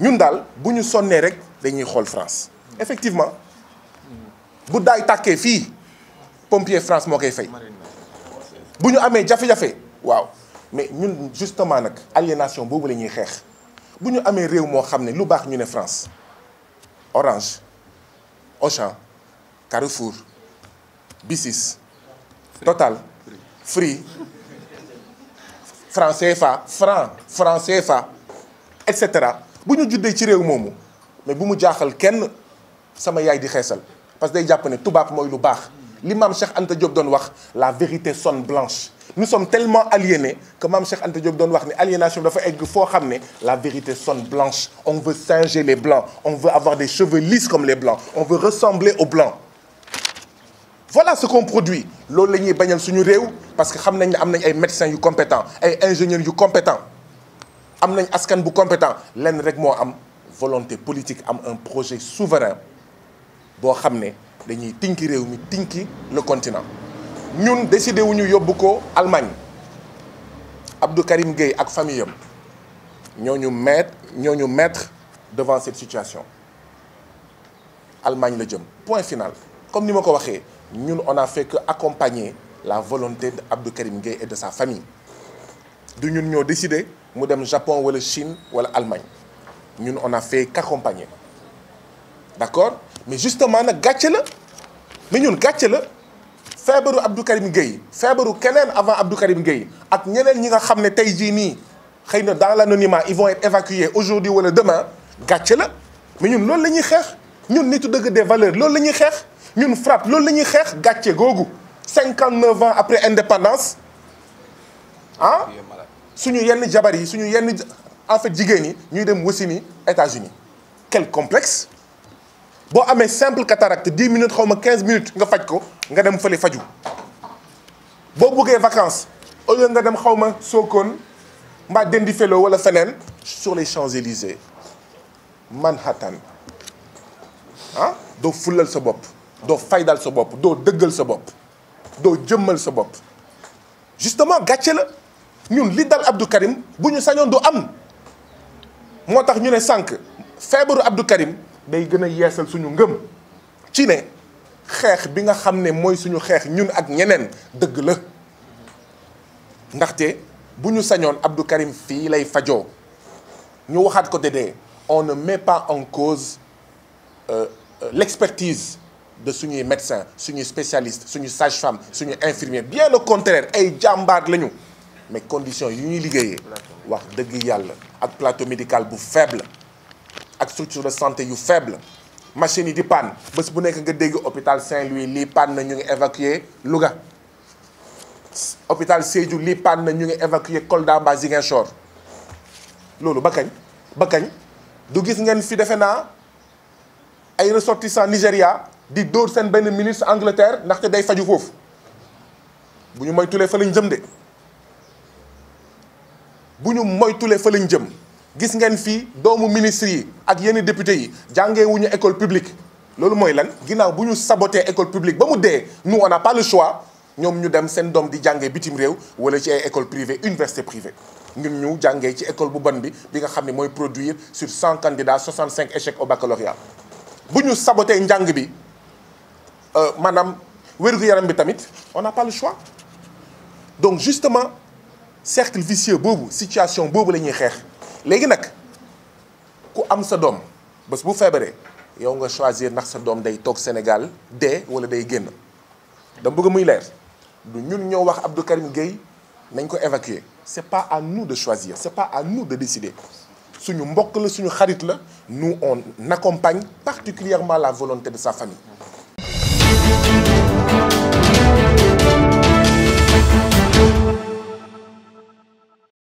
ñun dal, bu ñu sonnee rek dañuy xool France effectivement bu daay tàkkee fii pompier France moo koy fay bu ñu amee jafe waaw mais ñun justement nag aliénation boobu la ñuy xeex bu ñu amee réew moo lu baax France Orange Auchan Carrefour Bicis Total Free France CFA franc France CFA etc buñu nous ci réew momu mais bu mu jaaxal kenn sama yaay di xéssal parce que day japp tout tubaab moy lu bax l'imam Cheikh Anta Diop wax la vérité sonne blanche nous sommes tellement aliénés que maam Cheikh Anta Diop doon wax ni aliénation dafa egg fo la vérité sonne blanche on veut singer les blancs on veut avoir des cheveux lisses comme les blancs on veut ressembler aux blancs voilà ce qu'on produit loolu lañuy bañal suñu parce que xamnañ nañ ay médecins yu compétents ingénieurs compétents am nañ askan bu compétent lenn rek moo volonté politique un projet souverain boo xam dañuy tinki réew tinki le continent ñun décidé wuñu yóbbu ko Allemagne Abdou Karim Gueye ak famille nous ñoo devant cette situation Allemagne la jëm point final comme nous ma ko nous ñun fait que accompagner la volonté d'Abdou Karim Gueye et de sa famille du ñun ñoo décidé mu dem Japon la Chine ou l'Allemagne. Nous on a fait qu'accompagner d'accord mais justement nag gàcce mais nous, gàcce la feebaru Abdou Karim Gueye feebaru Kenen avant Abdou Karim Gueye ak ñeneen ñi nga que ne tey jii dans l'anonymat ils vont être évacués aujourd'hui wala demain gàcce la mais ñun loolu la nous xeex ñun nitu dëgg des valeurs loolu la ñuy ñun frappe loolu la ñuy xeex gàcce googu cinquante neuf ans après indépendance Hein suñu yenn jabar yi suñu yenn en fait jigéen yi ñuy dem wasini États-Unis quel complexe boo amee simple cataracte 10 minutes xaw ma quinze minutes nga faj ko nga dem fële faju boo bëggee vacances au lieu nga dem xaw ma Sokone mbaa Dendi Fellow wala feneen sur les Champs-Élysées Manhattan ah doo fulal sa bopp doo faydal sa bopp doo dëggal sa bopp doo jëmmal sa bopp justement gàcce la ñun li dal Abdou Karim buñu sañon am motax ñu ne sank feebaru Abdou Karim day que yéssal suñu ngëm ci né xex bi nga xamné ne suñu xex ñun ak Abdou Karim lay ñu ko on ne met pas en cause euh, euh, l'expertise de suñu médecin suñu spécialiste suñu sage-femme suñu bien le contraire ay jambar lañu mais conditions yu ñuy liggéeyee wax dëgg yàlla ak plateau médical bu faible ak structure de santé yu faible machine yi di panne bés bu nekk nga dégg hôpital Saint-Louis lii panne na ñu ngi évacuer Louga hôpital Sédhiou lii panne na ñu ngi évacuer Kolda mbaa Ziguinchor loolu ba kañ ba kañ du gis ngeen fi defe naa ay ressortissant Nigéria di dóor seen benn ministre Angleterre ndaxte day faju foofu bu ñu moytulee fa lañ jëm de bu ñu moytulee tous les jëm gis ngeen ici, doomu ministres et ak députés, député yi jàngee wuñu école publique loolu mooy lan ginnaaw bu saboter saboté école publique ba nous on n'a pas le choix Nous ñu dem à doom di jàngee bitim réew wala ci ay école privée université privée nous ñu jàngee ci école bu bon bi bi nga produire sur 100 candidats 65 échecs au baccalauréat Si saboter saboté njàng bi euh, maanaam Madame, yaram bi on n'a pas le choix donc justement cercle vicieux situation boobu la qui est léegi Les ku am sa doom bés bu feebaree yow nga choisir ndax sa doom day Sénégal dee wala day génn dama bëgg muy leer du ñun ñoo wax Abdou Karim Gueye nañ ko évacuer c'est pas à nous de choisir c'est pas à nous de décider suñu mbokk la suñu xarit la nous on accompagne particulièrement la volonté de sa famille